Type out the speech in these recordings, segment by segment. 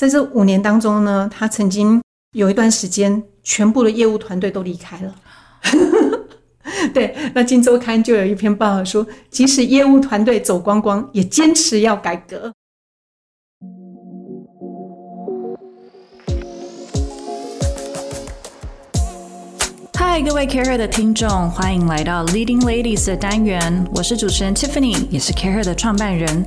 在這五年當中呢，他曾經有一段時間，全部的業務團隊都離開了。 對，那今周刊就有一篇報道說，即使業務團隊走光光，也堅持要改革。嗨，各位 CAREhER 的聽眾，歡迎來到 Leading Ladies 的單元，我是主持人 Tiffany，也是 CAREhER 的創辦人。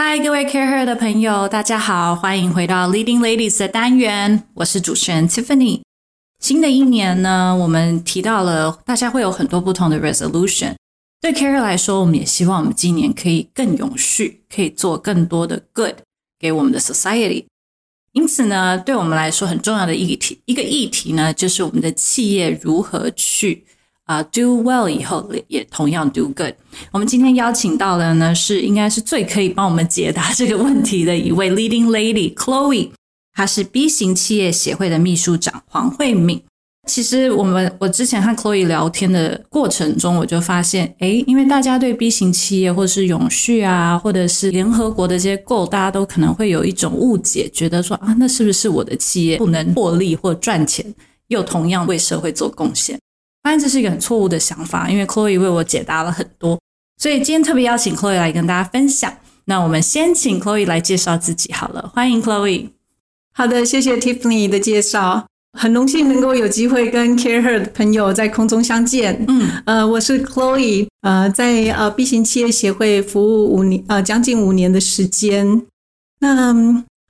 嗨，Hi, 各位 CAREhER 的朋友，大家好，歡迎回到 Leading Ladies 的單元。我是主持人 Tiffany。新的一年呢，我們提到了大家會有很多不同的 resolution。對 CAREhER 來說，我們也希望我們今年可以更永續，可以做更多的 good 給我們的 society。因此呢，對我們來說很重要的議題，一個議題呢，就是我們的企業如何去。啊、uh,，do well 以後也同樣 do good。我們今天邀請到的呢，是應該是最可以幫我們解答這個問題的一位 leading lady Chloe。她是 B 型企業協會的秘書長黃惠敏。其實我們我之前和 Chloe 聊天的過程中，我就發現，誒，因為大家對 B 型企業或是永續啊，或者是聯合國的這些 go，大家都可能會有一種誤解，覺得說啊，那是不是我的企業不能獲利或賺錢，又同樣為社會做貢獻？當然，這是一個很錯誤的想法，因為 Chloe 為我解答了很多，所以今天特別邀請 Chloe 來跟大家分享。那我們先請 Chloe 來介紹自己好了。歡迎 Chloe。好的，謝謝 Tiffany 的介紹，很榮幸能夠有機會跟 CAREhER 的朋友在空中相見。嗯，呃，我是 Chloe，呃，在呃 B 型企業協會服務五年，呃，將近五年的時間。那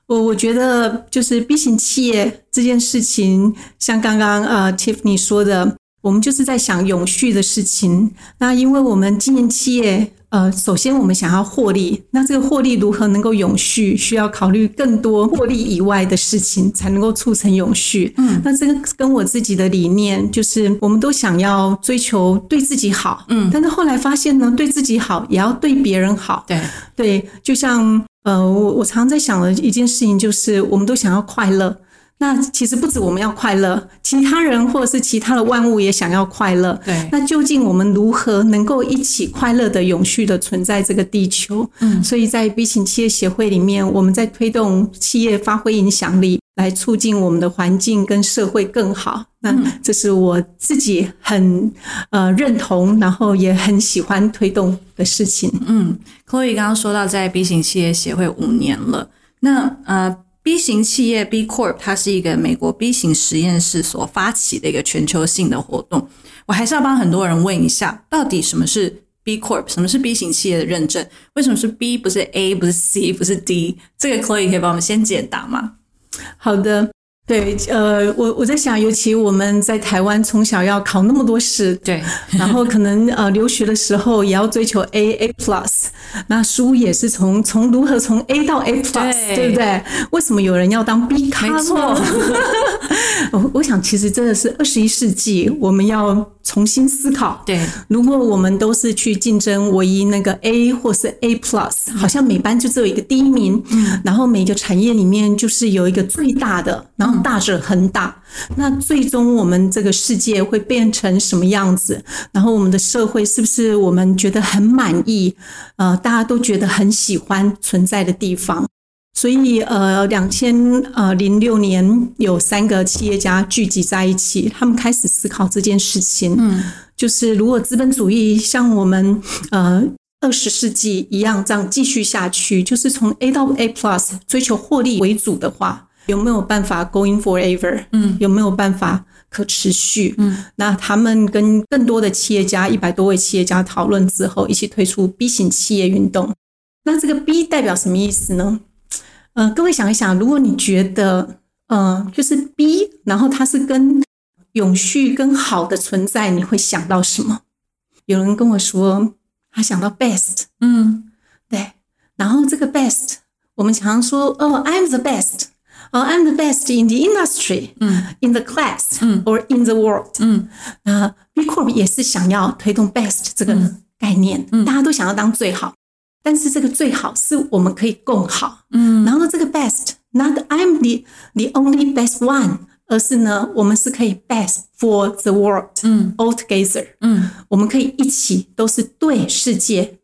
我我覺得就是 B 型企業這件事情，像剛剛呃 Tiffany 說的。我們就是在想永續的事情。那因為我們經營企業，呃，首先我們想要獲利，那這個獲利如何能夠永續，需要考慮更多獲利以外的事情，才能夠促成永續。嗯，那這個跟我自己的理念就是，我們都想要追求對自己好。嗯，但是後來發現呢，對自己好也要對別人好。對對，就像呃，我我常在想的一件事情就是，我們都想要快樂。那其實不止我們要快樂，其他人或者是其他的萬物也想要快樂。對。那究竟我們如何能夠一起快樂的、永續的存在這個地球？嗯。所以在 B 型企業協會裡面，我們在推動企業發揮影響力，來促進我們的環境跟社會更好。那這是我自己很呃認同，然後也很喜歡推動的事情。嗯。Chloe 剛剛說到，在 B 型企業協會五年了，那呃。B 型企業 B Corp，它是一個美國 B 型實驗室所發起的一個全球性的活動。我還是要幫很多人問一下，到底什麼是 B Corp，什麼是 B 型企業的認證？為什麼是 B 不是 A 不是 C 不是 D？這個 Chloe 可以幫我們先解答嗎？好的。對，呃，我我在想，尤其我們在台灣，從小要考那麼多試，對， 然後可能呃，留學的時候也要追求 A A plus，那書也是從從如何從 A 到 A plus，對，對不對？為什麼有人要當 B 咖？沒錯， 我我想，其實真的是二十一世紀，我們要。重新思考，對，如果我們都是去競爭唯一那個 A 或是 A Plus，好像每班就只有一個第一名，然後每個產業裡面就是有一個最大的，然後大者恆大，那最終我們這個世界會變成什麼樣子？然後我們的社會是不是我們覺得很滿意？呃，大家都覺得很喜歡存在的地方？所以，呃，兩千呃零六年有三個企業家聚集在一起，他們開始思考這件事情。嗯，就是如果資本主義像我們呃二十世紀一樣這樣繼續下去，就是從 A 到 A plus 追求獲利為主的話，有沒有辦法 going forever？嗯，有沒有辦法可持續？嗯，那他們跟更多的企業家，一百多位企業家討論之後，一起推出 B 型企業運動。那這個 B 代表什麼意思呢？嗯、呃，各位想一想，如果你覺得嗯、呃，就是 B，然後它是跟永續跟好的存在，你會想到什麼？有人跟我說，他想到 best，嗯，對，然後這個 best，我們常，常說哦、oh,，I'm the best，哦、oh,，I'm the best in the industry，嗯，in the class，嗯，or in the world，嗯，那、呃、B Corp 也是想要推動 best 這個概念，嗯，大家都想要當最好。但是這個最好是我們可以共好，嗯，然後這個 best not I'm the the only best one，而是呢，我們是可以 best for the world，嗯，all together，嗯，er, 嗯，我們可以一起都是對世界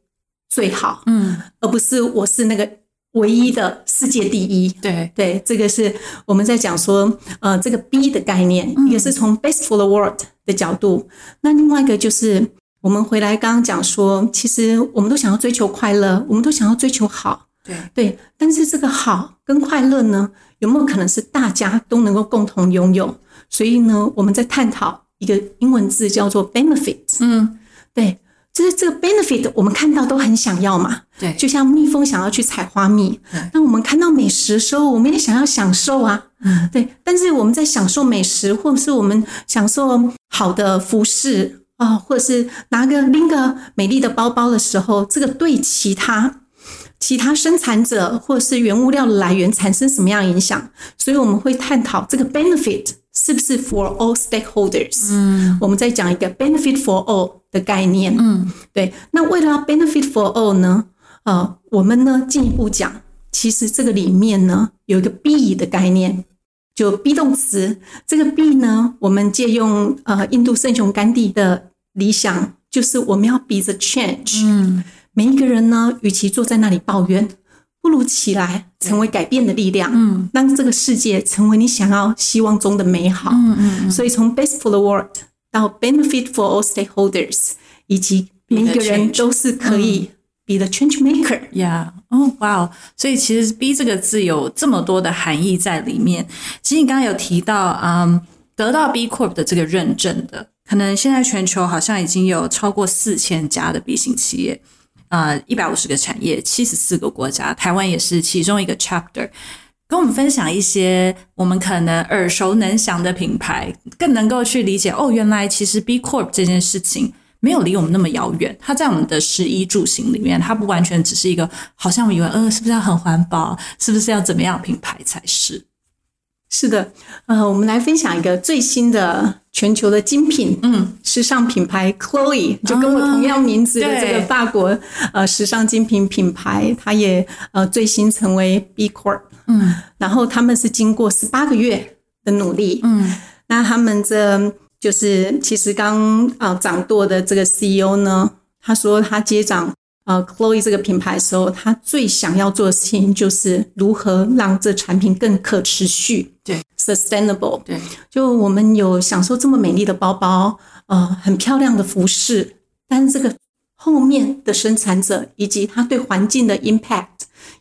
最好，嗯，而不是我是那個唯一的世界第一，對、嗯、對，這個是我們在講說，呃，這個 B 的概念也是從 best for the world 的角度，那另外一個就是。我們回來剛剛講說，其實我們都想要追求快樂，我們都想要追求好，對對。但是這個好跟快樂呢，有沒有可能是大家都能夠共同擁有？所以呢，我們在探討一個英文字叫做 benefit。嗯，對，就是這個 benefit，我們看到都很想要嘛。對，就像蜜蜂想要去採花蜜，那、嗯、我們看到美食的時候，我們也想要享受啊。嗯，對。但是我們在享受美食，或者是我們享受好的服飾。啊，或者是拿個拎個美麗的包包的時候，這個對其他其他生產者或者是原物料的來源產生什麼樣的影響？所以我們會探討這個 benefit 是不是 for all stakeholders。嗯，我們在講一個 benefit for all 的概念。嗯，對。那為了 benefit for all 呢？呃，我們呢進一步講，其實這個裡面呢有一個 be 的概念。就 be 動詞，這個 be 呢，我們借用呃印度聖雄甘地的理想，就是我們要 be the change。嗯，每一個人呢，與其坐在那裡抱怨，不如起來成為改變的力量，嗯，讓這個世界成為你想要、希望中的美好。嗯。嗯，所以從 best for the world 到 benefit for all stakeholders，以及每一個人都是可以。Be the change maker. Yeah. Oh, wow. 所以其實 B 這個字有這麼多的含義在裡面。其實你剛剛有提到，嗯、um，得到 B Corp 的這個認證的，可能現在全球好像已經有超過四千家的 B 型企業，呃，一百五十個產業，七十四個國家，台灣也是其中一個 chapter。跟我們分享一些我們可能耳熟能詳的品牌，更能夠去理解哦，原來其實 B Corp 這件事情。沒有離我們那麼遙遠，它在我們的衣食住行裡面，它不完全只是一個，好像我以為，呃，是不是要很環保，是不是要怎麼樣品牌才是？是的，呃，我們來分享一個最新的全球的精品，嗯，時尚品牌 Chloé、嗯、就跟我同樣名字的這個法國呃時尚精品品牌，它也、嗯、呃最新成為 B Corp，嗯，然後他們是經過十八個月的努力，嗯，那他們這。就是其實剛啊掌舵的這個 CEO 呢，他說他接掌呃 Chloe 這個品牌的時候，他最想要做的事情就是如何讓這產品更可持續，對，sustainable，對，sustainable，對，就我們有享受這麼美麗的包包，呃，很漂亮的服飾，但是這個後面的生產者以及他對環境的 impact，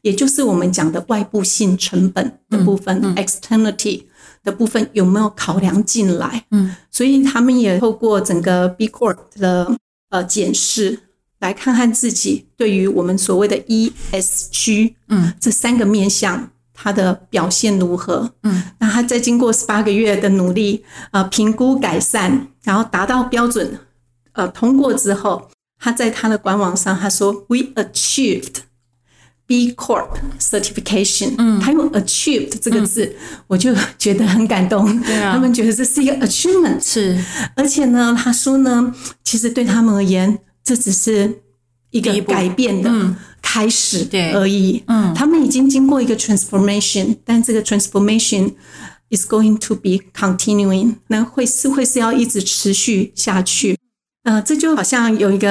也就是我們講的外部性成本的部分，externality。嗯嗯 Ex 的部分有沒有考量進來？嗯，所以他們也透過整個 B Corp 的呃檢視，來看看自己對於我們所謂的 ESG，嗯，這三個面向它的表現如何？嗯，那他在經過十八個月的努力，呃，評估改善，然後達到標準，呃，通過之後，他在他的官網上他說：We achieved。B Corp Certification，嗯、他用 Achieved 這個字，嗯，我就覺得很感動。對啊，他們覺得這是一個 Achievement。是，而且呢，他說呢，其實對他們而言，這只是一個改變的開始，對而已。嗯，嗯，他們已經經過一個 Transformation，但這個 Transformation is going to be continuing。那會是會是要一直持續下去。呃，這就好像有一個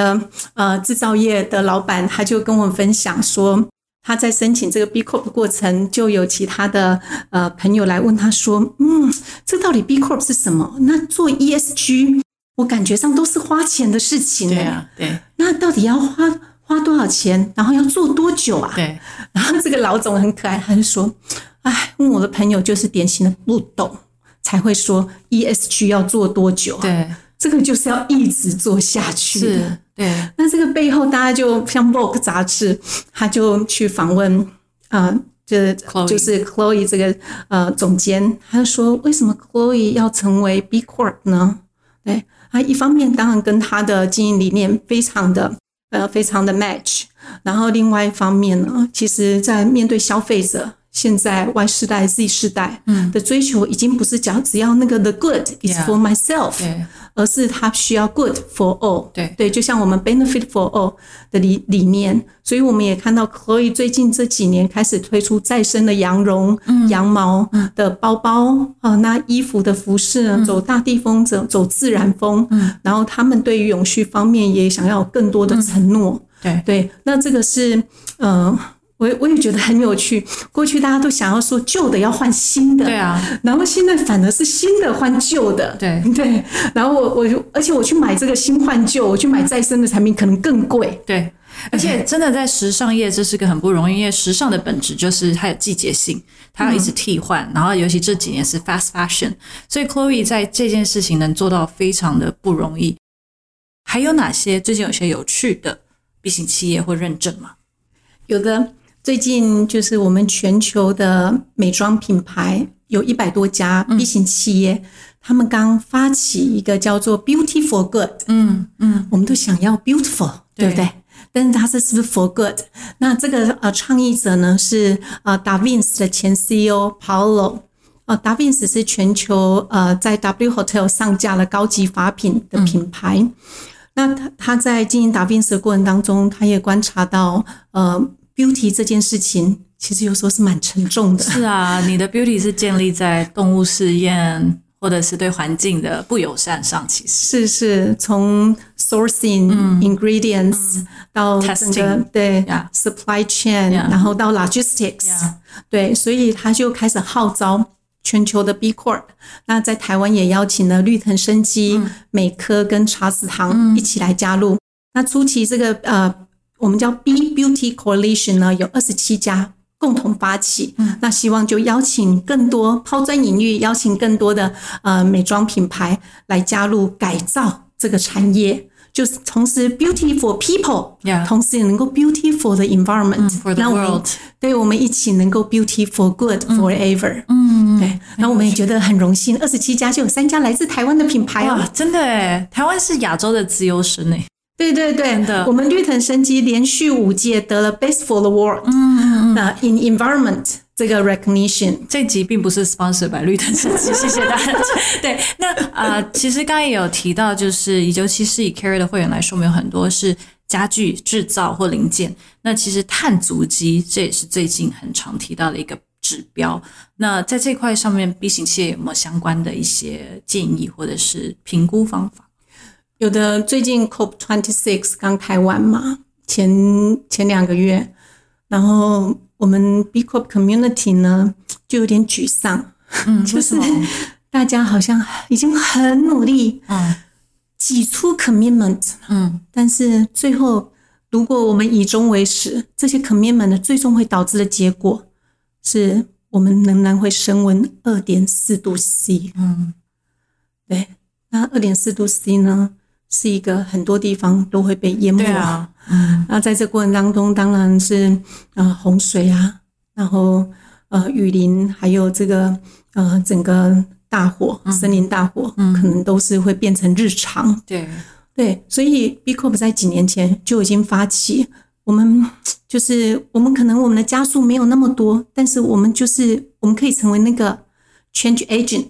呃製造業的老板，他就跟我分享說。他在申請這個 B Corp 的過程，就有其他的呃朋友來問他說：“嗯，這到底 B Corp 是什麼？那做 ESG 我感覺上都是花錢的事情、欸，對啊，對。那到底要花花多少錢？然後要做多久啊？對。然後這個老總很可愛，他就說：哎，問我的朋友就是典型的不懂，才會說 ESG 要做多久啊？對。”這個就是要一直做下去。是，對。那這個背後，大家就像 Vogue 雜誌，他就去訪問，啊、呃，就是 Chloe 就是 Chloe 這個呃總監，他就說為什麼 Chloe 要成為 B Corp 呢？對，他一方面當然跟他的經營理念非常的呃非常的 match，然後另外一方面呢，其實在面對消費者。現在 Y 世代、Z 世代的追求已經不是講只要那個 the good is for myself，、嗯、而是他需要 good for all。對，對，就像我們 benefit for all 的理理念。所以我們也看到，Chloé 最近這幾年開始推出再生的羊絨、羊毛的包包啊、嗯嗯呃，那衣服的服飾呢走大地風、走走自然風。嗯嗯、然後他們對於永續方面也想要更多的承諾。嗯、對，對，那這個是嗯。呃我我也覺得很有趣。過去大家都想要說舊的要換新的，對啊。然後現在反而是新的換舊的，對對。然後我我就而且我去買這個新換舊，我去買再生的產品可能更貴，對。而且真的在時尚業這是個很不容易，因為時尚的本質就是它有季節性，它要一直替換。嗯，然後尤其這幾年是 fast fashion，所以 Chloe 在這件事情能做到非常的不容易。還有哪些最近有些有趣的 B 型企業或認證嗎？有的。最近就是我們全球的美妝品牌有一百多家 B 型企業，嗯、他們剛發起一個叫做 “Beauty For Good” 嗯。嗯嗯，我們都想要 “Beautiful”，、嗯、對不對？對，但是它這是不是 “For Good”？那這個呃，倡議者呢是呃，DAVINS 的前 CEO Paolo。呃、DAVINS 是全球呃，在 W Hotel 上架了高級髮品的品牌。嗯、那他他在經營 DAVINS 的過程當中，他也觀察到呃。Beauty 這件事情，其實有時候是蠻沉重的。是啊，你的 Beauty 是建立在動物試驗 或者是對環境的不友善上，其實。是是，從 Sourcing ingredients S、嗯嗯、 到 s, testing, 對呀 yeah,，Supply chain，yeah, 然後到 Logistics，yeah, 對，所以他就開始號召全球的 B Corp。那在台灣也邀請了綠藤生機、美、嗯、科跟茶籽堂一起來加入。嗯、那初期這個呃。我們叫 B Beauty Coalition 呢，有二十七家共同發起。嗯，那希望就邀請更多拋磚引玉，邀請更多的呃美妝品牌來加入改造這個產業，就是同時 beauty for people，yeah, 同時也能夠 beauty for the environment、嗯。For the world，那對，我們一起能夠 beauty for good forever。嗯，對。那我們也覺得很榮幸，二十七家就有三家來自台灣的品牌哦、啊，真的，台灣是亞洲的自由身呢。對對對的的我們綠藤生機連續五屆得了 Best for the World，嗯那、uh, In Environment 這個 recognition 這集並不是 sponsored by 綠藤生機，謝謝大家。 對，那啊、呃，其實剛,剛也有提到，就是 以尤其是以 CAREhER 的會員來說，沒有很多是家具制造或零件。那其實碳足跡這也是最近很常提到的一個指標。那在這塊上面，B 型企業有沒有相關的一些建議或者是評估方法？有的最近 COP26 剛開完嘛，前前兩個月，然後我們 B Corp Community 呢就有點沮喪，嗯、 就是大家好像已經很努力，啊擠出 commitment，嗯，但是最後如果我們以終為始，這些 commitment 呢最終會導致的結果是我們仍然會升溫二點四度 C，嗯，對，那二點四度 C 呢？是一個很多地方都會被淹沒，啊，嗯、那在這過程當中，當然是，啊、呃、洪水啊，然後呃，雨林還有這個，呃，整個大火，森林大火，嗯、可能都是會變成日常，嗯、對，對，所以 B Corp 在幾年前就已經發起，我們就是我們可能我們的加速沒有那麼多，但是我們就是我們可以成為那個 change agent，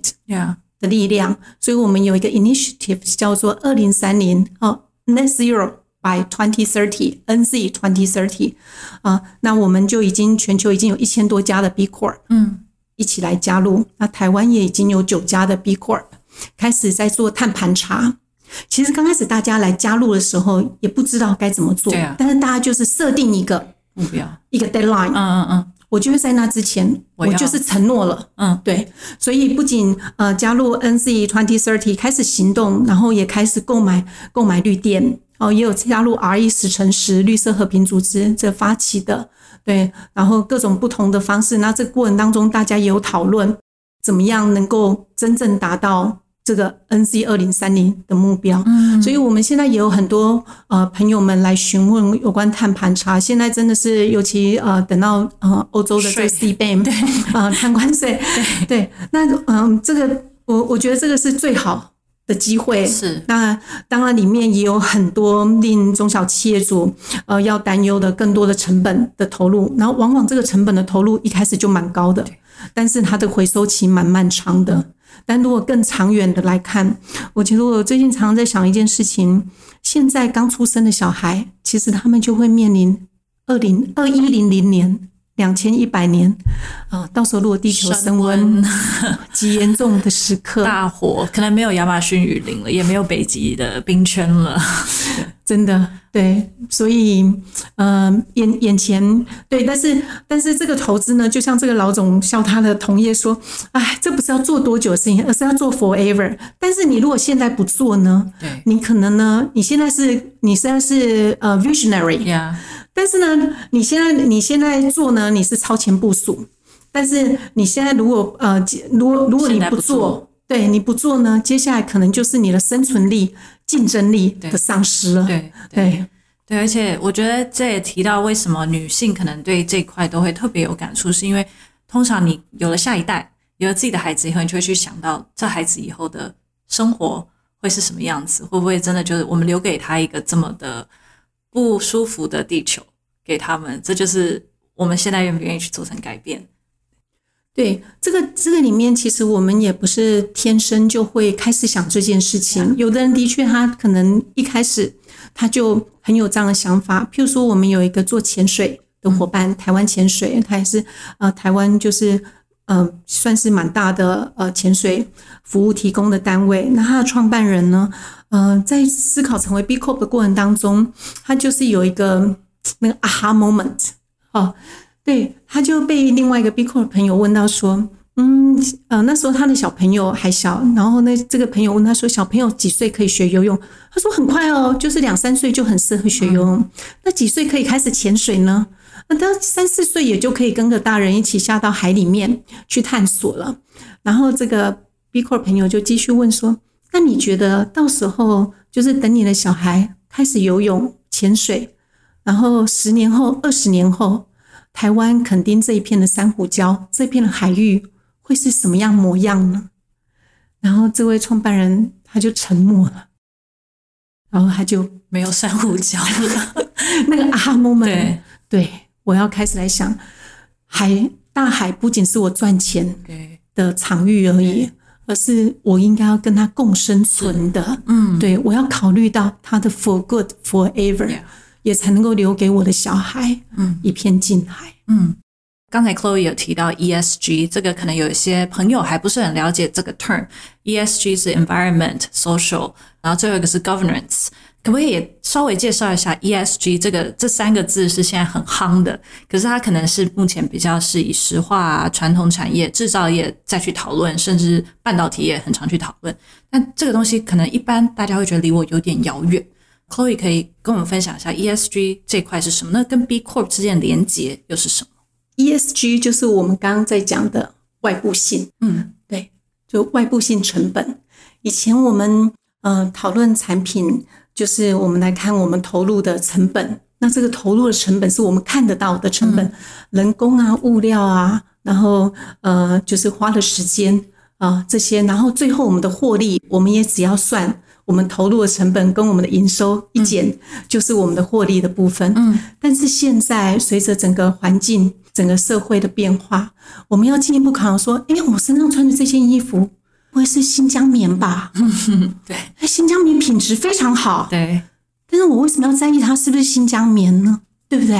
的力量，所以我們有一個 initiative 叫做二零三零啊，Net Zero by twenty thirty, NZ twenty thirty。啊，uh，那我們就已經全球已經有一千多家的 B Corp，嗯，一起來加入。那台灣也已經有九家的 B Corp 開始在做碳盤查。其實剛開始大家來加入的時候，也不知道該怎麼做，對啊。但是大家就是設定一個目標，一個 deadline。嗯嗯嗯。我就是在那之前，我，要我就是承諾了，嗯，對，所以不僅呃加入 N C twenty thirty 開始行動，然後也開始購買購買綠電，哦，也有加入 R E 十乘十綠色和平組織這發起的，對，然後各種不同的方式，那這過程當中大家也有討論怎麼樣能夠真正達到。這個 NC 二零三零的目標，嗯，所以我們現在也有很多呃朋友們來詢問有關碳盤查，現在真的是尤其呃等到呃歐洲的 CBAM 是、呃、對啊，碳關稅對對，那嗯、呃，這個我我覺得這個是最好的機會是，那當然裡面也有很多令中小企業主呃要擔憂的更多的成本的投入，然後往往這個成本的投入一開始就蠻高的，對 但是它的回收期蠻漫長的。但如果更長遠的來看，我覺得我最近常常在想一件事情：現在剛出生的小孩，其實他們就會面臨二零二一零零年。兩千一百年啊！到時候落地球升溫極嚴重的時刻，大火可能沒有亞馬遜雨林了，也沒有北極的冰川了。真的，對，所以，呃，眼眼前，對，但是但是這個投資呢，就像這個老總笑他的同業說：“哎，這不是要做多久的事情，而是要做 forever。”但是你如果現在不做呢？對你可能呢，你現在是你現在是，你現在是呃 visionary。Yeah. 但是呢，你現在你現在做呢，你是超前部署。但是你現在如果呃，如果如果你不做，不做對你不做呢，接下來可能就是你的生存力、競爭力的喪失了。嗯、對對對，對，而且我覺得這也提到為什麼女性可能對這塊都會特別有感觸，是因為通常你有了下一代，有了自己的孩子以後，你就會去想到這孩子以後的生活會是什麼樣子，會不會真的就是我們留給他一個這麼的。不舒服的地球給他們，這就是我們現在願不願意去做成改變。對，這個這個裡面，其實我們也不是天生就會開始想這件事情。有的人的確，他可能一開始他就很有這樣的想法。譬如說，我們有一個做潛水的伙伴，台灣潛水，他也是啊、呃，台灣就是。嗯、呃，算是蠻大的呃，潛水服務提供的單位。那他的創辦人呢？嗯、呃，在思考成為 B Corp 的過程當中，他就是有一個那個 aha moment 啊，哦。對，他就被另外一個 B Corp 的朋友問到說：“嗯，呃，那時候他的小朋友還小，然後那這個朋友問他說，小朋友幾歲可以學游泳？他說很快哦，就是兩三歲就很適合學游泳。那幾歲可以開始潛水呢？”那他三四歲也就可以跟個大人一起下到海裡面去探索了。然後這個 B Corp 朋友就繼續問說：“那你覺得到時候就是等你的小孩開始游泳、潛水，然後十年後、二十年後，台灣墾丁這一片的珊瑚礁、這片的海域會是什麼樣模樣呢？”然後這位創辦人他就沉默了，然後他就沒有珊瑚礁了。 那個 A-ha moment，對。對我要開始來想，海，大海不僅是我賺錢的場域而已，Okay. Okay. 而是我應該要跟他共生存的。嗯，對，我要考慮到他的 for good forever，Yeah. 也才能夠留給我的小孩嗯一片近海。嗯，剛才 Chloe 有提到 ESG，這個可能有一些朋友還不是很了解這個 term。ESG 是 environment、social，然後最後一個是 governance。可不可以也稍微介紹一下 ESG 這個這三個字？是現在很夯的，可是它可能是目前比較是以石化傳統產業、製造業再去討論，甚至半導體業很常去討論。那這個東西可能一般大家會覺得離我有點遙遠。Chloe 可以跟我們分享一下 ESG 這塊是什麼呢？那跟 B Corp 之間的連接又是什麼？ESG 就是我們剛剛在講的外部性，嗯，對，就外部性成本。以前我們嗯，呃，討論產品。就是我們來看我們投入的成本，那這個投入的成本是我們看得到的成本，嗯、人工啊、物料啊，然後呃，就是花了時間啊、呃、這些，然後最後我們的獲利，我們也只要算我們投入的成本跟我們的營收一減，嗯、就是我們的獲利的部分。嗯，但是現在隨着整個環境、整個社會的變化，我們要進一步考量說，哎、欸，我身上穿的這件衣服。不會是新疆棉吧？ 對，新疆棉品質非常好。對，對。但是我為什麼要在意它是不是新疆棉呢？對不對？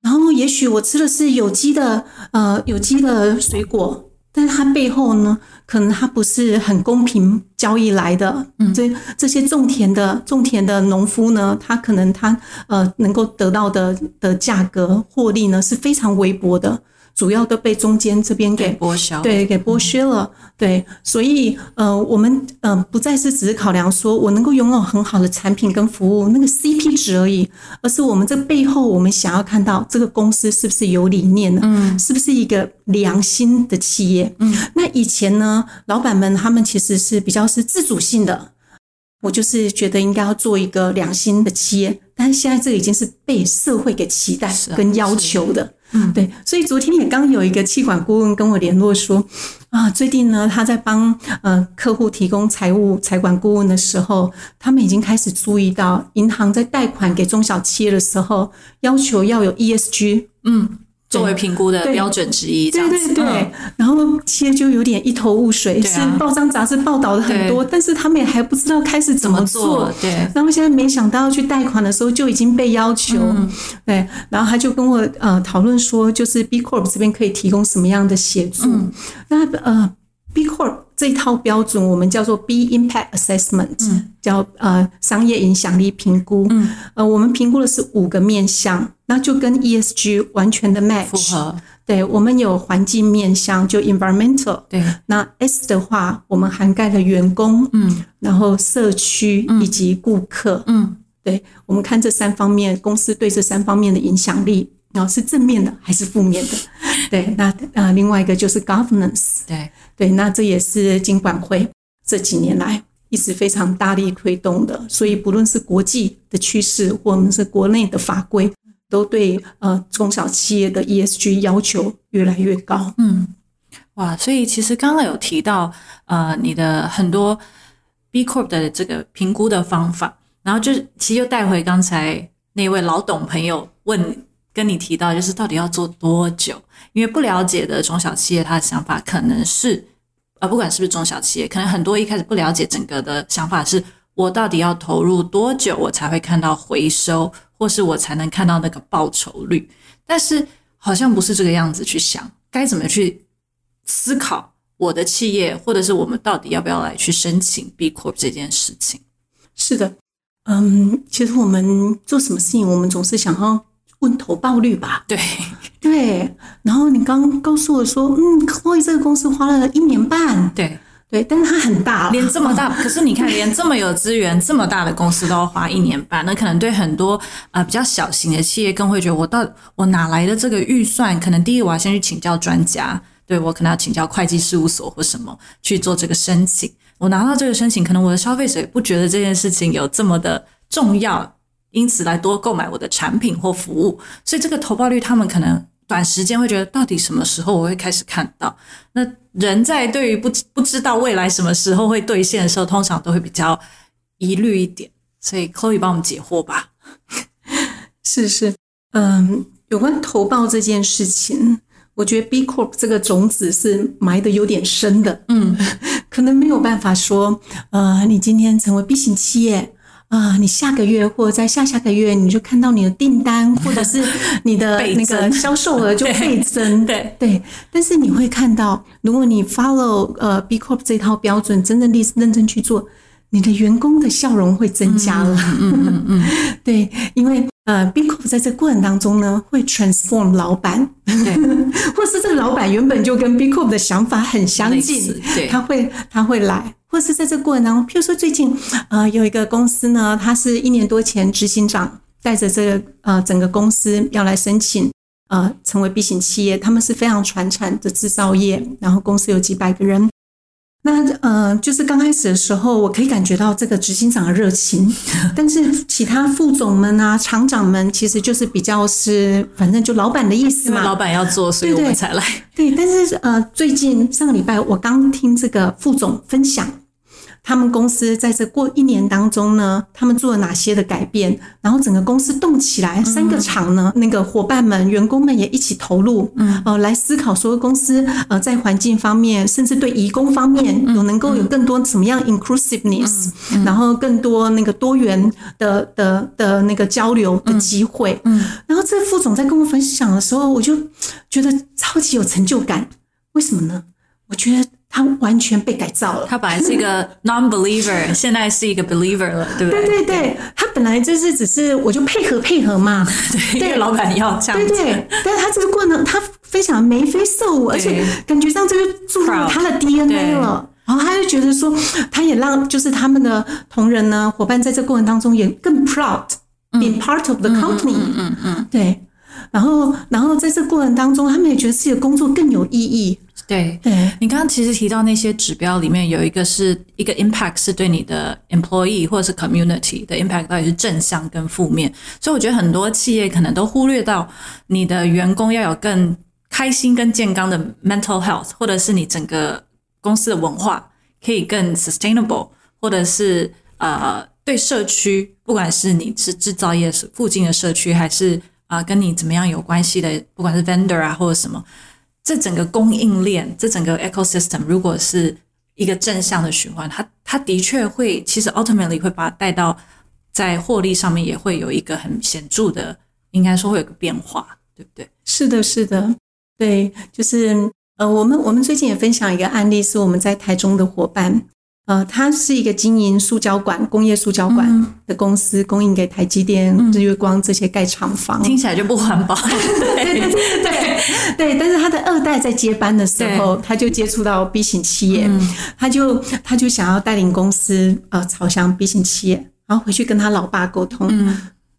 然後，也許我吃的是有機的，呃，有機的水果，但是它背後呢，可能它不是很公平交易來的。嗯，所以這這些種田的種田的農夫呢，他可能他呃能夠得到的的價格獲利呢是非常微薄的。主要都被中間這邊給剝削了，對，給剝削了，對，所以呃，我們嗯、呃，不再是只是考量說我能夠擁有很好的產品跟服務，那個 CP 值而已，而是我們這背後，我們想要看到這個公司是不是有理念的，嗯，是不是一個良心的企業，嗯。那以前呢，老闆們他們其實是比較是自主性的，我就是覺得應該要做一個良心的企業，但是現在這已經是被社會給期待跟要求的。嗯，對，所以昨天也剛有一個資管顧問跟我聯絡說，啊，最近呢，他在幫呃客戶提供財務財管顧問的時候，他們已經開始注意到銀行在貸款給中小企業的時候，要求要有 ESG，嗯。作為評估的標準之一，這樣子。對，對對對，嗯、然後其實就有點一頭霧水，啊、是報章雜誌報道了很多，對但是他們也還不知道開始怎麼做。麼做對，然後現在沒想到去貸款的時候就已經被要求。嗯、對，然後他就跟我呃討論說，就是 B Corp 這邊可以提供什麼樣的協助？嗯、那呃，B Corp。這一套標準我們叫做 B Impact Assessment，叫呃商業影響力評估。嗯，呃，我們評估的是五個面向，那就跟 ESG 完全的 match。符合。對，我們有環境面向，就 environmental。對。那 S 的話，我們涵蓋了員工，嗯，然後社區以及顧客，嗯，嗯，對。我們看這三方面，公司對這三方面的影響力，然後是正面的還是負面的？ 對，那啊、呃，另外一個就是 governance，對對，那這也是金管會這幾年來一直非常大力推動的。所以不論是國際的趨勢，或者是國內的法規，都對呃中小企業的 ESG 要求越來越高。嗯，哇，所以其實剛剛有提到呃你的很多 B Corp 的這個評估的方法，然後就是其實又帶回剛才那位老董朋友問跟你提到，就是到底要做多久？因為不了解的中小企業，他的想法可能是，啊，不管是不是中小企業，可能很多一開始不了解整個的想法是，是我到底要投入多久，我才會看到回收，或是我才能看到那個報酬率？但是好像不是這個樣子去想，該怎麼去思考我的企業，或者是我們到底要不要來去申請 B Corp 這件事情？是的，嗯，其實我們做什麼事情，我們總是想哈。問投報率吧。對對，然後你剛告訴我說，嗯，Chloé 這個公司花了一年半。對對，對但是它很大，連這麼大，哦，可是你看，對 連這麼有資源、對 這麼大的公司都要花一年半，那可能對很多呃比較小型的企業更會覺得我，我到我哪來的這個預算？可能第一，我要先去請教專家，對我可能要請教會計事務所或什麼去做這個申請。我拿到這個申請，可能我的消費者也不覺得這件事情有這麼的重要。因此，來多購買我的產品或服務，所以這個投報率，他們可能短時間會覺得，到底什麼時候我會開始看到？那人在對於不不知道未來什麼時候會兌現的時候，通常都會比較疑慮一點。所以 Chloe 幫我們解惑吧。是是，嗯，有關投報這件事情，我覺得 B Corp 這個種子是埋的有點深的，嗯，可能沒有辦法說，呃，你今天成為 B 型企業。啊、呃，你下個月或者在下下個月，你就看到你的訂單，或者是你的那個銷售額就增 倍增。對對，但是你會看到，如果你 follow 呃 B Corp 這套標準，真正地認真去做，你的員工的笑容會增加了。嗯嗯嗯，嗯嗯嗯 對，因為呃 B Corp 在這過程當中呢，會 transform 老闆，對 或是這個老闆原本就跟 B Corp 的想法很相近，對，他會他會來。或是在這過程當中呢，譬如說最近，呃，有一個公司呢，它是一年多前執行長帶着這個呃整個公司要來申請呃成為 B 型企業，他們是非常傳產的製造業，然後公司有幾百個人。那呃就是剛開始的時候，我可以感覺到這個執行長的熱情，但是其他副總們啊、廠長們，其實就是比較是反正就老板的意思嘛，老板要做，所以我們才來。對，對，對，對，但是呃，最近上個禮拜我剛聽這個副總分享。他們公司在這過一年當中呢，他們做了哪些的改變？然後整個公司動起來，嗯、三個廠呢，那個伙伴們、員工們也一起投入，嗯、呃，來思考說公司呃在環境方面，甚至對移工方面、嗯嗯、有能夠有更多怎麼樣 inclusiveness，、嗯嗯、然後更多那個多元的的的那個交流的機會。嗯嗯、然後這副總在跟我分享的時候，我就覺得超級有成就感。為什麼呢？我覺得。他完全被改造了。他本來是一個 non believer，、嗯、現在是一個 believer 了，對不對？對對對，對他本來就是只是我就配合配合嘛， 對對因為老闆要這樣子對，對對，但是他這個過程，他非常眉飛色舞，而且感覺上這個注入他的 DNA 了。對然後他就覺得說，他也讓就是他們的同仁呢、夥伴，在這個過程當中也更 proud，being、嗯、part of the company。嗯嗯，嗯，嗯，嗯，嗯嗯，對。然後，然後，在這個過程當中，他們也覺得自己的工作更有意義。對，對。你剛剛其實提到那些指標裡面，有一個是一個 impact 是對你的 employee 或者是 community 的 impact 到底是正向跟負面。所以我覺得很多企業可能都忽略到你的員工要有更開心跟健康的 mental health，或者是你整個公司的文化可以更 sustainable，或者是呃，對社區，不管是你是制造業是附近的社區還是。啊，跟你怎麼樣有關係的？不管是 vendor 啊，或者什麼，這整個供應鏈，這整個 ecosystem，如果是一個正向的循環，它它的確會，其實 ultimately 會把它帶到在獲利上面也會有一個很顯著的，應該說會有個變化，對不對？是的，是的，對，就是呃，我們我們最近也分享一個案例，是我們在台中的伙伴。呃，他是一個經營塑膠管、工業塑膠管的公司，供應給台積電、日月光這些蓋廠房。聽起來就不環保。對對對，但是他的二代在接班的時候，他就接觸到 B 型企業，他就他就想要帶領公司呃，朝向 B 型企業，然後回去跟他老爸溝通。嗯。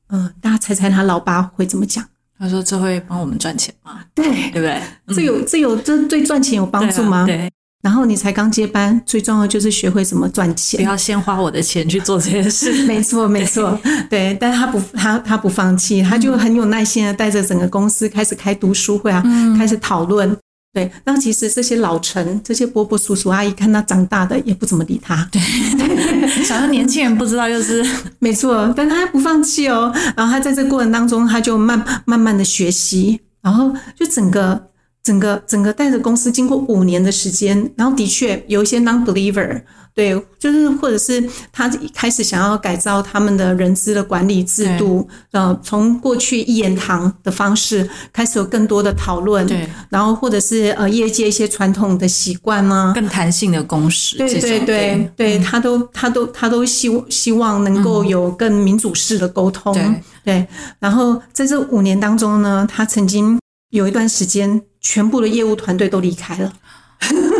嗯，大家猜猜他老爸會怎麼講？他說：“這會幫我們賺錢嗎？”對對不對？這有這有這對賺錢有幫助嗎？對。然後你才剛接班，最重要的就是學會怎麼賺錢。不要先花我的錢去做這些事。沒錯，沒錯，對，對。但他不，他他不放棄，他就很有耐心的帶着整個公司開始開讀書會啊，嗯、開始討論。對。那其實這些老臣、這些伯伯、叔叔、阿姨，看他長大的也不怎麼理他。對。對對 想要年輕人不知道，就是沒錯。但他不放棄哦。然後他在這過程當中，他就慢慢慢的學習，然後就整個。整個整個帶着公司經過五年的時間，然後的確有一些 non believer，對，就是或者是他一開始想要改造他們的人資的管理制度，對呃，從過去一言堂的方式開始有更多的討論，對，然後或者是呃業界一些傳統的習慣啊，更彈性的公式。對對對對，嗯、對他都他都他都希希望能夠有更民主式的溝通，嗯、對,對,對，然後在這五年當中呢，他曾經有一段時間。全部的業務團隊都離開了，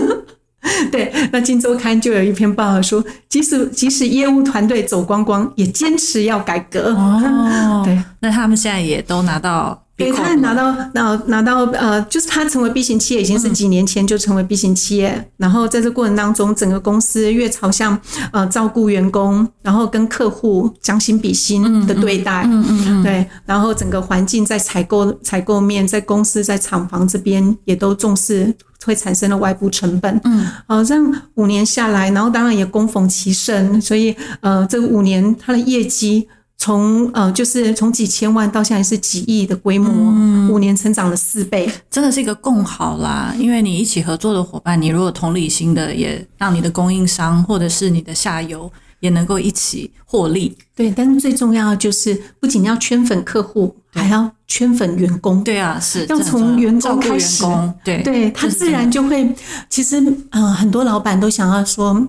對。那《今周刊》就有一篇報道說，即使即使業務團隊走光光，也堅持要改革。哦、對，那他們現在也都拿到。別看 Because, 拿到拿拿到呃，就是他成為 B 型企業已經是幾年前就成為 B 型企業，嗯、然後在這過程當中，整個公司越朝向呃照顧員工，然後跟客戶將心比心的對待，嗯嗯嗯嗯嗯、對，然後整個環境在採購採購面，在公司在廠房這邊也都重視，會產生的外部成本。嗯，好、呃，這樣五年下來，然後當然也恭逢其盛，所以呃，這五年他的業績。從呃，就是從幾千萬到現在是幾億的規模，嗯、五年成長了四倍，真的是一個共好啦。因為你一起合作的夥伴，你如果同理心的，也讓你的供應商或者是你的下游也能夠一起獲利。對，但是最重要的就是不僅要圈粉客戶，對還要圈粉員工。對啊，是，要從員工開始。對，對他自然就會。其實，嗯、呃，很多老板都想要說，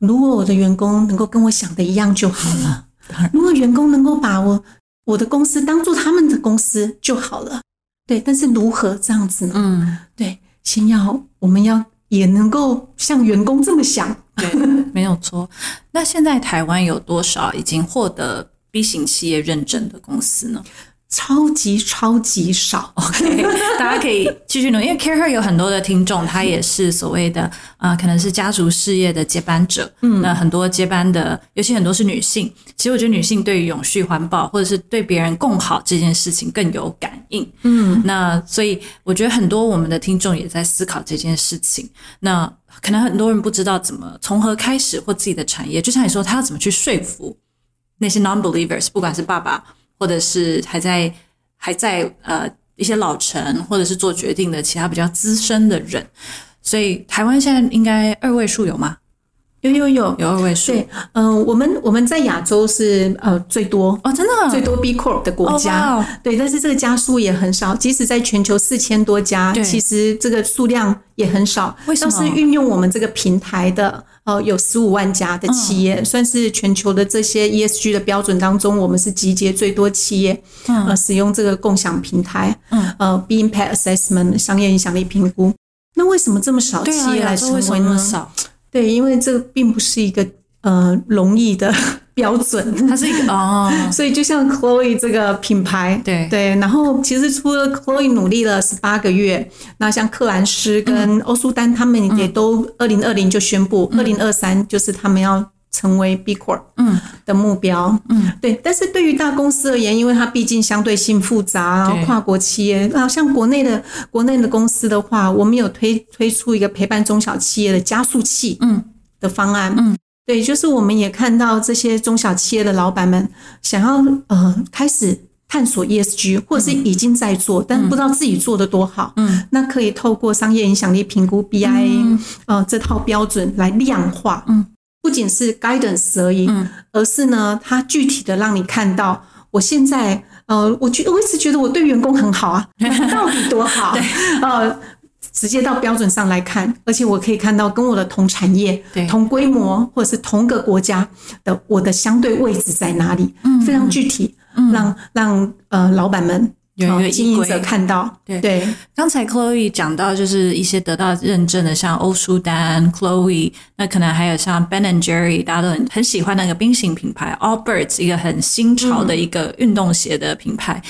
如果我的員工能夠跟我想的一樣就好了。 如果員工能夠把我，我的公司當做他們的公司就好了，對。但是如何這樣子呢？嗯，對，先要我們要也能夠像員工這麼想，對，沒有錯。那現在台灣有多少已經獲得 B 型企業認證的公司呢？超級超級少，OK， 大家可以繼續努力。因為 CAREhER 有很多的聽眾，他也是所謂的啊、呃，可能是家族事業的接班者。嗯，那很多接班的，尤其很多是女性。其實我覺得女性對於永續環保或者是對別人共好這件事情更有感應。嗯，那所以我覺得很多我們的聽眾也在思考這件事情。那可能很多人不知道怎麼從何開始，或自己的產業。就像你說，他要怎麼去說服那些 non believers，不管是爸爸，或者是還在還在呃一些老臣，或者是做決定的其他比較資深的人，所以台灣現在應該二位數有嗎？有有有有，二位數對，嗯、呃，我們我們在亞洲是呃最多哦，真的最多 B Corp 的國家，哦哦、對，但是這個家數也很少，即使在全球四千多家，對其實這個數量也很少。為什麼？但是運用我們這個平台的呃有十五萬家的企業，哦、算是全球的這些 ESG 的標準當中，我們是集結最多企業，哦、呃，使用這個共享平台，嗯、呃，B Impact Assessment 商業影響力評估。那為什麼這麼少企業來成為呢？對，因為這並不是一個呃容易的標準，它是一個哦， 所以就像 Chloe 這個品牌，對對，然後其實除了 Chloe 努力了十八個月，那像克蘭詩跟歐舒丹他們也都二零二零就宣布，二零二三就是他們要成為 B Corp 嗯的目標嗯，嗯對，但是對於大公司而言，因為它畢竟相對性複雜對跨國企業啊，像國內的國內的公司的話，我們有推推出一個陪伴中小企業的加速器嗯的方案嗯，嗯對，就是我們也看到這些中小企業的老闆們想要呃開始探索 ESG，或者是已經在做，嗯、但不知道自己做得多好嗯，那可以透過商業影響力評估 BIA、嗯、呃這套標準來量化嗯。嗯不僅是 guidance 而已，而是呢，它具體的讓你看到，我現在，呃，我覺我一直覺得我對員工很好啊，到底多好？ 對，呃，直接到標準上來看，而且我可以看到跟我的同產業、對同規模或者是同個國家的我的相對位置在哪裡，非常具體，讓讓呃老板們。有一個經營看到，對對，剛才 Chloe 講到，就是一些得到認證的，像歐舒丹、Chloe，那可能還有像 Ben and Jerry，大家都很很喜歡那個冰型品牌，Alberts 一個很新潮的一個運動鞋的品牌，嗯、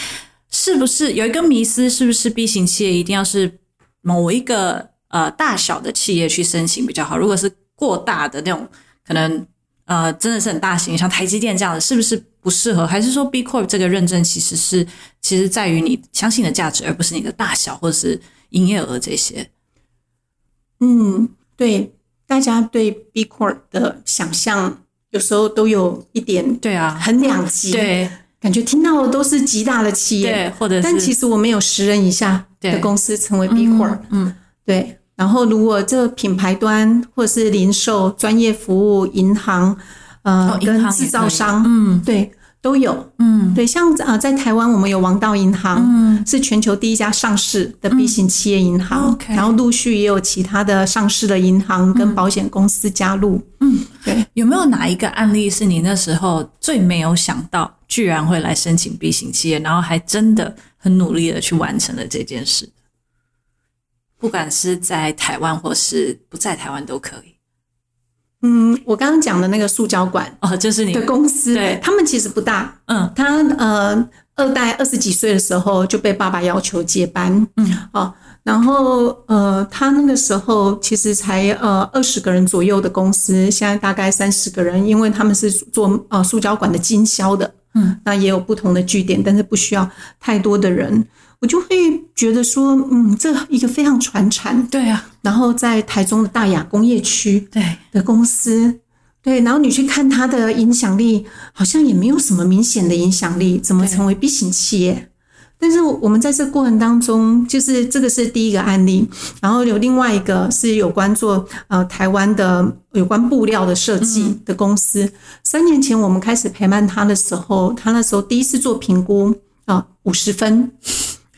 是不是有一個迷思？是不是 B 型企業一定要是某一個呃大小的企業去申請比較好？如果是過大的那種，可能。呃，真的是很大型，像台積電這樣的，是不是不適合？還是說，B Corp 這個認證其實是，其實在於你相信的價值，而不是你的大小或是營業額這些。嗯，對，大家對 B Corp 的想象有時候都有一點，對啊，很兩極。對啊，對，感覺聽到的都是極大的企業，對，或者，但其實我們有十人以下的公司成為 B Corp，嗯，嗯，對。然後，如果這品牌端或是零售、專業服務、銀行，呃，哦，跟製造商，嗯，對，都有，嗯，對，像呃，在台灣，我們有王道銀行，嗯，是全球第一家上市的 B 型企業銀行，嗯，okay，然後陸續也有其他的上市的銀行跟保險公司加入，嗯，對。有沒有哪一個案例是你那時候最沒有想到，居然會來申請 B 型企業，然後還真的很努力的去完成了這件事？不管是在台灣或是不在台灣都可以。嗯，我剛剛講的那個塑膠管哦，就是你的公司，對，他們其實不大。嗯，他呃，二代二十幾歲的時候就被爸爸要求接班。嗯，哦，然後呃，他那個時候其實才呃二十個人左右的公司，現在大概三十個人，因為他們是做呃塑膠管的經銷的。嗯，那也有不同的據點，但是不需要太多的人。我就會覺得說，嗯，這一個非常傳產，對啊，然後在台中的大雅工業區，對的公司，對,對，然後你去看它的影響力，好像也沒有什麼明顯的影響力，怎麼成為 B 型企業？對但是我們在這個過程當中，就是這個是第一個案例，然後有另外一個是有關做呃台灣的有關布料的設計的公司，嗯、三年前我們開始陪伴他的時候，他那時候第一次做評估啊，呃、五十分。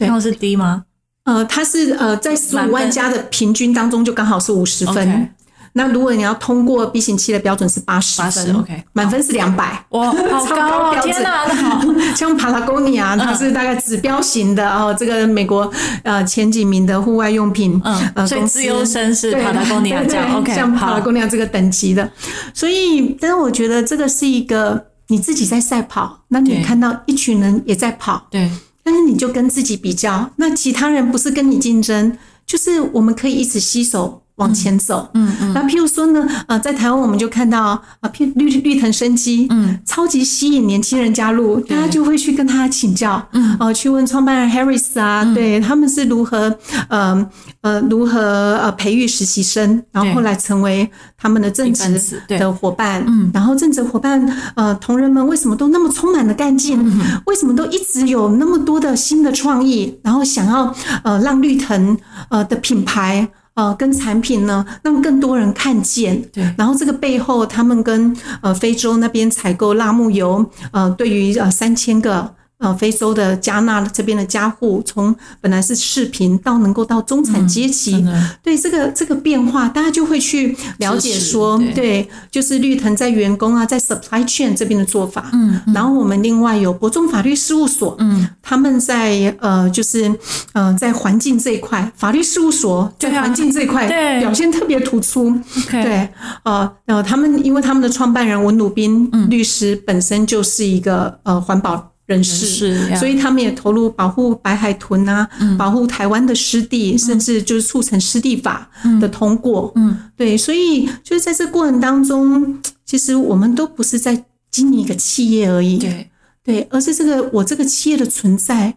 剛好是低嗎？呃，它是呃，在十五萬家的平均當中，就剛好是五十分。那如果你要通過 B 型期的標準是八十分，八十 OK，滿分是兩百，哇，超高標準。像 Patagonia 它是大概指標型的哦，這個美國呃前幾名的戶外用品，嗯，所以資優生是 Patagonia 這樣，OK，像 Patagonia 這個等級的。所以，但是我覺得這個是一個你自己在賽跑，那你看到一群人也在跑，對。那你就跟自己比較，那其他人不是跟你競爭，就是我們可以一直攜手。往前走。嗯，嗯嗯，那譬如說呢，呃，在台灣我們就看到啊，綠綠綠藤生機，嗯，超級吸引年輕人加入，大家就會去跟他請教，嗯，哦，去問創辦人 Harris 啊，對他們是如何，呃，呃，如何呃培育實習生，然後後來成為他們的正職的伙伴，嗯，然後正職伙伴呃同仁們為什麼都那麼充滿了幹勁，為什麼都一直有那麼多的新的創意，然後想要呃讓綠藤呃的品牌。呃，跟產品呢，讓更多人看見。對，然後這個背後，他們跟呃非洲那邊採購辣木油，呃，對於呃三千個。呃，非洲的加納這邊的家戶，從本來是視頻到能夠到中產階級、嗯，對這個這個變化，大家就會去了解說，對，對，就是綠藤在員工啊，在 supply chain 這邊的做法，嗯嗯、然後我們另外有博仲法律事務所，嗯、他們在呃，就是呃，在環境這一塊，法律事務所在環境這一塊表現特別突出，對，呃，呃，他們因為他們的創辦人文魯彬、嗯、律師本身就是一個呃環保。人士，所以他們也投入保護白海豚啊，嗯、保護台灣的濕地，甚至就是促成濕地法的通過。嗯嗯、對，所以就是在這過程當中，其實我們都不是在經營一個企業而已。對，對，而是這個我這個企業的存在，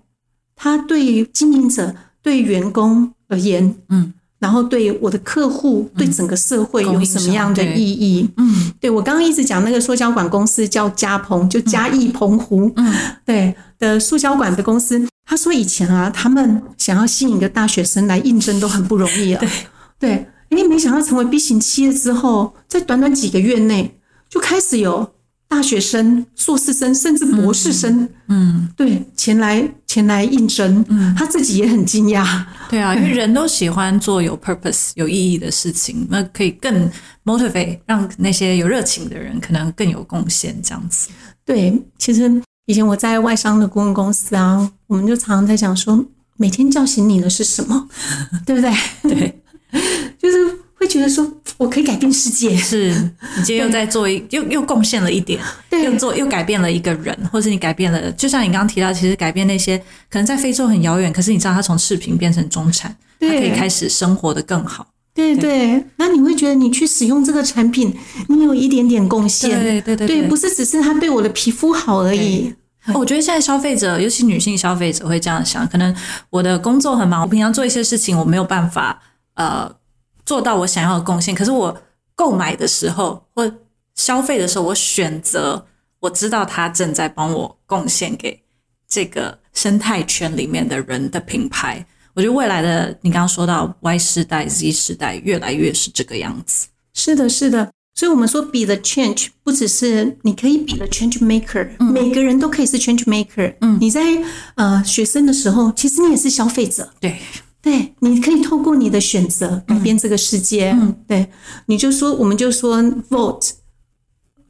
它對於經營者、對員工而言，嗯。然後對我的客戶，對整個社會有什麼樣的意義？嗯，對我剛剛一直講那個塑膠管公司叫嘉鵬，就嘉義澎湖，嗯，對的塑膠管的公司，他說以前啊，他們想要吸引一個大學生來應徵都很不容易了，啊，對，因為沒想到成為 B 型企業之後，在短短幾個月內就開始有。大學生、碩士生甚至博士生，嗯，嗯對，前來前來應徵，嗯，他自己也很驚訝，對啊，嗯、因為人都喜歡做有 purpose、有意義的事情，那可以更 motivate，讓那些有熱情的人可能更有貢獻，這樣子。對，其實以前我在外商的顧問公司啊，我們就常常在講說，每天叫醒你的是什麼， 對不對？對， 就是。會覺得說，我可以改變世界。是你今天又在做對又又貢獻了一點，對又做又改變了一個人，或是你改變了，就像你剛剛提到，其實改變那些可能在非洲很遙遠，可是你知道它從赤貧變成中產，對它可以開始生活得更好。對對，那對對你會覺得你去使用這個產品，你有一點點貢獻。對對對，對，對，對，對，不是只是它對我的皮膚好而已。對呵我覺得現在消費者，尤其女性消費者會這樣想，可能我的工作很忙，我平常做一些事情，我沒有辦法呃。做到我想要的貢獻，可是我購買的時候或消費的時候，我選擇，我知道他正在幫我貢獻給這個生態圈裡面的人的品牌。我覺得未來的你剛剛說到 Y 世代、Z 世代，越來越是這個樣子。是的，是的。所以我們說 be the change 不只是你可以 be the change maker，嗯，每個人都可以是 change maker。嗯，你在呃學生的時候，其實你也是消費者。對。對，你可以透過你的選擇改變這個世界。嗯，嗯，對，你就說，我們就說 vote，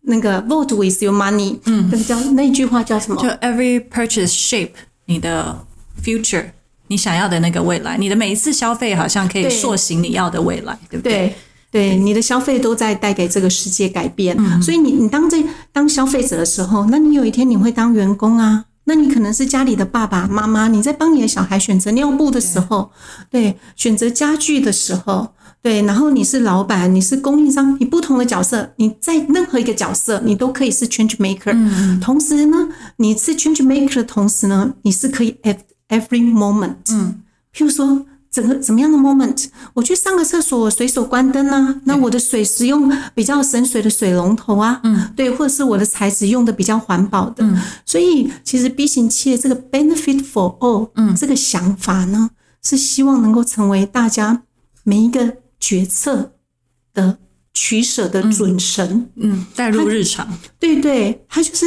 那個 vote with your money，嗯，叫那一句話叫什麼？就 every purchase shape 你的 future，你想要的那個未來，你的每一次消費好像可以塑形你要的未來，對，對不對？對，你的消費都在帶給這個世界改變。嗯，所以你，你當這當消費者的時候，那你有一天你會當員工啊。那你可能是家裡的爸爸媽媽，你在幫你的小孩選擇尿布的時候，對，選擇家具的時候，對，然後你是老闆，你是供應商，你不同的角色，你在任何一個角色，你都可以是 change maker。同時呢，你是 change maker 的同時呢，你是可以 at every moment。譬如說。整個怎麼樣的 moment，我去上個廁所，我隨手關燈呢、啊。那我的水使用比較省水的水龍頭啊，嗯，對，或者是我的材質用的比較環保的。嗯、所以其實 B 型企業這個 benefit for all，嗯，這個想法呢，是希望能夠成為大家每一個決策的取捨的準繩。嗯，帶入日常，對對，它就是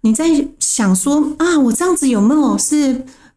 你在想說啊，我這樣子有沒有是？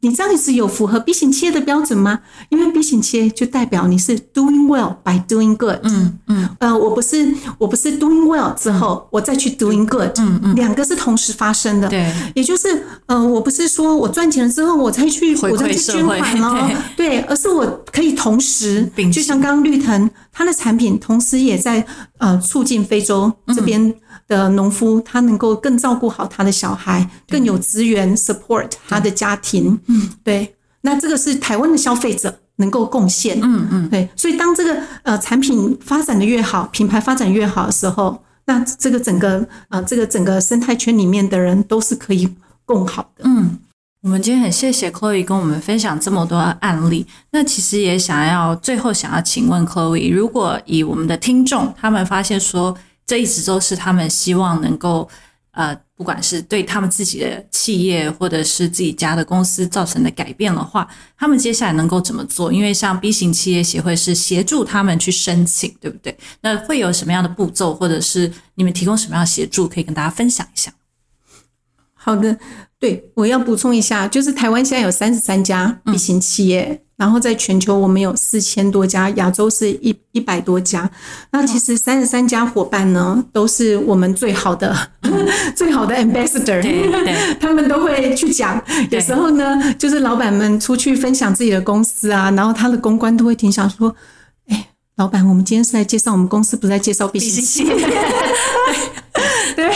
你這樣子有符合 B 型企業的標準嗎？因為 B 型企業就代表你是 doing well by doing good。嗯嗯。嗯呃，我不是我不是 doing well 之後，嗯、我再去 doing good 嗯。嗯，兩個是同時發生的。對、嗯。嗯、也就是呃，我不是說我賺錢了之後我才去我再去捐款咯。回饋社會，對，而是我可以同時，並行。就像剛剛綠藤它的產品，同時也在呃促進非洲這邊。嗯的農夫，他能夠更照顧好他的小孩，更有資源 support 他的家庭。嗯，對。那這個是台灣的消費者能夠貢獻。嗯嗯，對。所以當這個呃產品發展得越好，品牌發展越好的時候，那這個整個呃這個整個生態圈裡面的人都是可以共好的。嗯，我們今天很謝謝 Chloe 跟我們分享這麼多案例。嗯、那其實也想要最後想要請問 Chloe，如果以我們的聽眾他們發現說。這一直都是他們希望能夠，呃，不管是對他們自己的企業或者是自己家的公司造成的改變的話，他們接下來能夠怎麼做？因為像 B 型企業協會是協助他們去申請，對不對？那會有什麼樣的步驟，或者是你們提供什麼樣的協助，可以跟大家分享一下？好的。對，我要補充一下，就是台灣現在有三十三家 B 型企業，嗯、然後在全球我們有四千多家，亞洲是一一百多家。嗯、那其實三十三家夥伴呢，都是我們最好的、嗯、最好的 Ambassador，他們都會去講。有時候呢，就是老闆們出去分享自己的公司啊，然後他的公關都會挺想說，哎、欸，老闆，我們今天是來介紹我們公司，不是來介紹 B 型企業 對，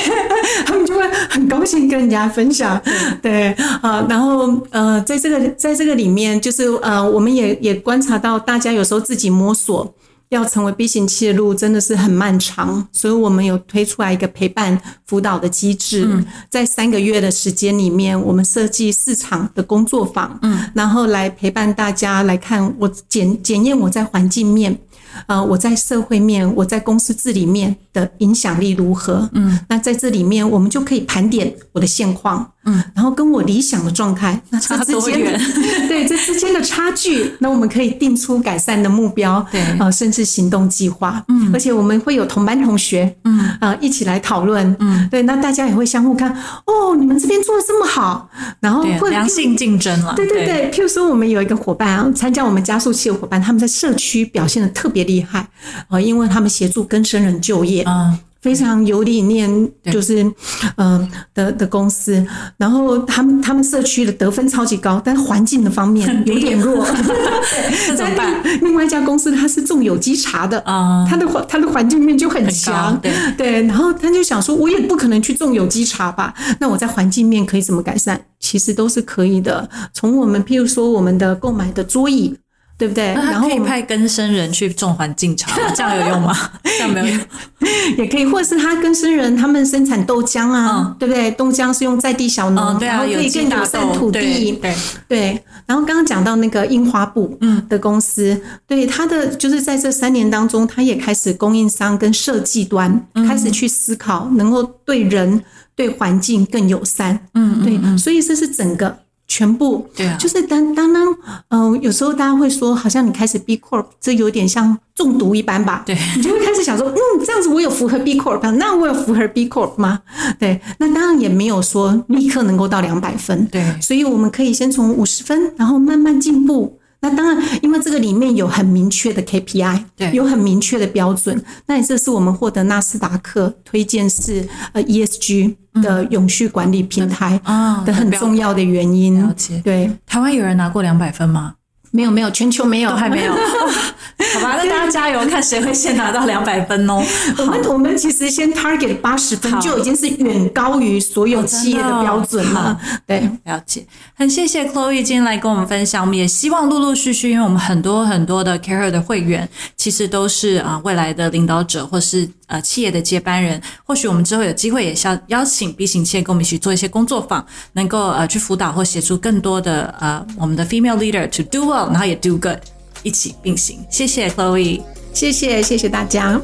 他們就會很高興跟人家分享。對，啊，然後，呃，在這個，在這個裡面，就是，呃，我們也也觀察到，大家有時候自己摸索要成為 B 型企業的路真的是很漫長，所以我們有推出來一個陪伴輔導的機制，在三個月的時間裡面，我們設計四場的工作坊，嗯，然後來陪伴大家來看我檢檢驗我在環境面。呃，我在社會面，我在公司治理面的影響力如何？嗯，那在這裡面，我們就可以盤點我的現況。嗯，然後跟我理想的狀態，那差多遠？對， 這之間的差距，那我們可以定出改善的目標，對，啊、呃，甚至行動計劃。嗯，而且我們會有同班同學，嗯，啊、呃，一起來討論。嗯，對，那大家也會相互看，哦，你們這邊做得這麼好，然後會良性競爭了。對對對，譬如說我們有一個伙伴啊，對參加我們加速器的伙伴，他們在社區表現得特別厲害，啊、呃，因為他們協助更生人就業啊。嗯非常有理念，就是、呃，嗯的的公司，然後他們他們社區的得分超級高，但環境的方面有點弱，沒 對，怎麼辦？另外一家公司它是種有機茶的，啊，它的它的環境面就很強，對對，然後他就想說，我也不可能去種有機茶吧，那我在環境面可以怎麼改善？其實都是可以的，從我們譬如說我們的購買的桌椅。對不對？然後、啊、派更生人去種環境茶， 這樣有用嗎？這樣沒有用，也可以。或者是他更生人，他們生產豆漿啊，嗯、對不對？豆漿是用在地小農，嗯啊、然後對更友善土地，對，對，對。然後剛剛講到那個印花布，嗯的公司，嗯、對他的就是在這三年當中，他也開始供應商跟設計端、嗯、開始去思考，能夠對人對環境更友善，嗯，對。嗯嗯、所以這是整個。全部對，就是當當當，嗯、呃，有時候大家會說，好像你開始 B Corp，這有點像中毒一般吧？對，你就會開始想說，嗯，這樣子我有符合 B Corp，那我有符合 B Corp 嗎？對，那當然也沒有說立刻能夠到兩百分，對，所以我們可以先從五十分，然後慢慢進步。那當然，因為這個裡面有很明確的 KPI，對，有很明確的標準。那這是我們獲得納斯達克推薦是呃 ESG 的永續管理平台啊，的很重要的原因。對，台灣有人拿過兩百分嗎？沒有沒有，全球沒有，對對還沒有。對對好吧，那大家加油，看誰會先拿到兩百分哦。對對好我們我們其實先 target 八十分，好就已經是遠高於所有企業的標準了。哦哦、對，了解。很謝謝 Chloe 今天來跟我們分享，嗯、我們也希望陸陸續續，因為我們很多很多的 CAREhER 的會員，其實都是啊未來的領導者或是。呃，企業的接班人，或許我們之後有機會也邀邀請 B 型企業跟我們一起做一些工作坊，能夠呃去輔導或寫出更多的呃我們的 female leader to do well，然後也 do good，一起並行。謝謝 Chloe，謝謝謝謝大家。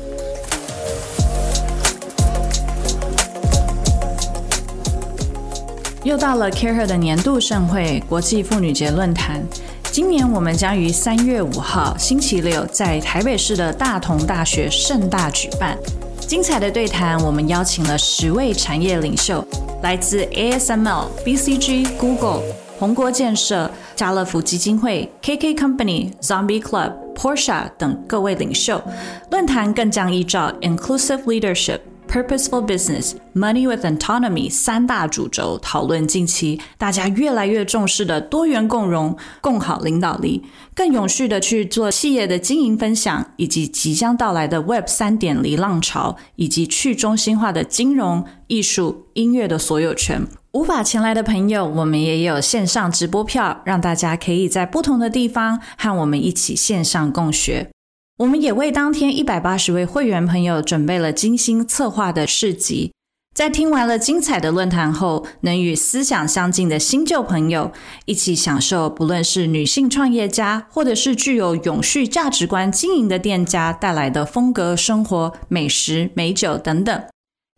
又到了 CAREhER 的年度盛會——國際婦女節論壇。今年我們將於三月五號星期六，在台北市的大同大學盛大舉辦精彩的對談。我們邀請了十位產業領袖，來自 ASML、BCG、Google、宏國建設、家樂福基金會、KK Company、Zombie Club、Porsche 等各位領袖。論壇更將依照 Inclusive Leadership。Purposeful business, money with autonomy 三大主軸，討論近期大家越來越重視的多元共融、共好領導力，更永續的去做企業的經營分享，以及即將到來的 Web 三點零浪潮，以及去中心化的金融、藝術、音樂的所有權。無法前來的朋友，我們也有線上直播票，讓大家可以在不同的地方和我們一起線上共學。我們也為當天一百八十位會員朋友準備了精心策劃的市集，在聽完了精彩的論壇後，能與思想相近的新舊朋友一起享受，不論是女性創業家，或者是具有永續價值觀經營的店家帶來的風格生活、美食、美酒等等。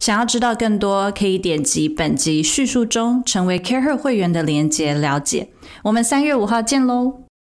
想要知道更多，可以點擊本集敘述中成為 CAREhER 會員的連結了解。我們三月五號見嘍！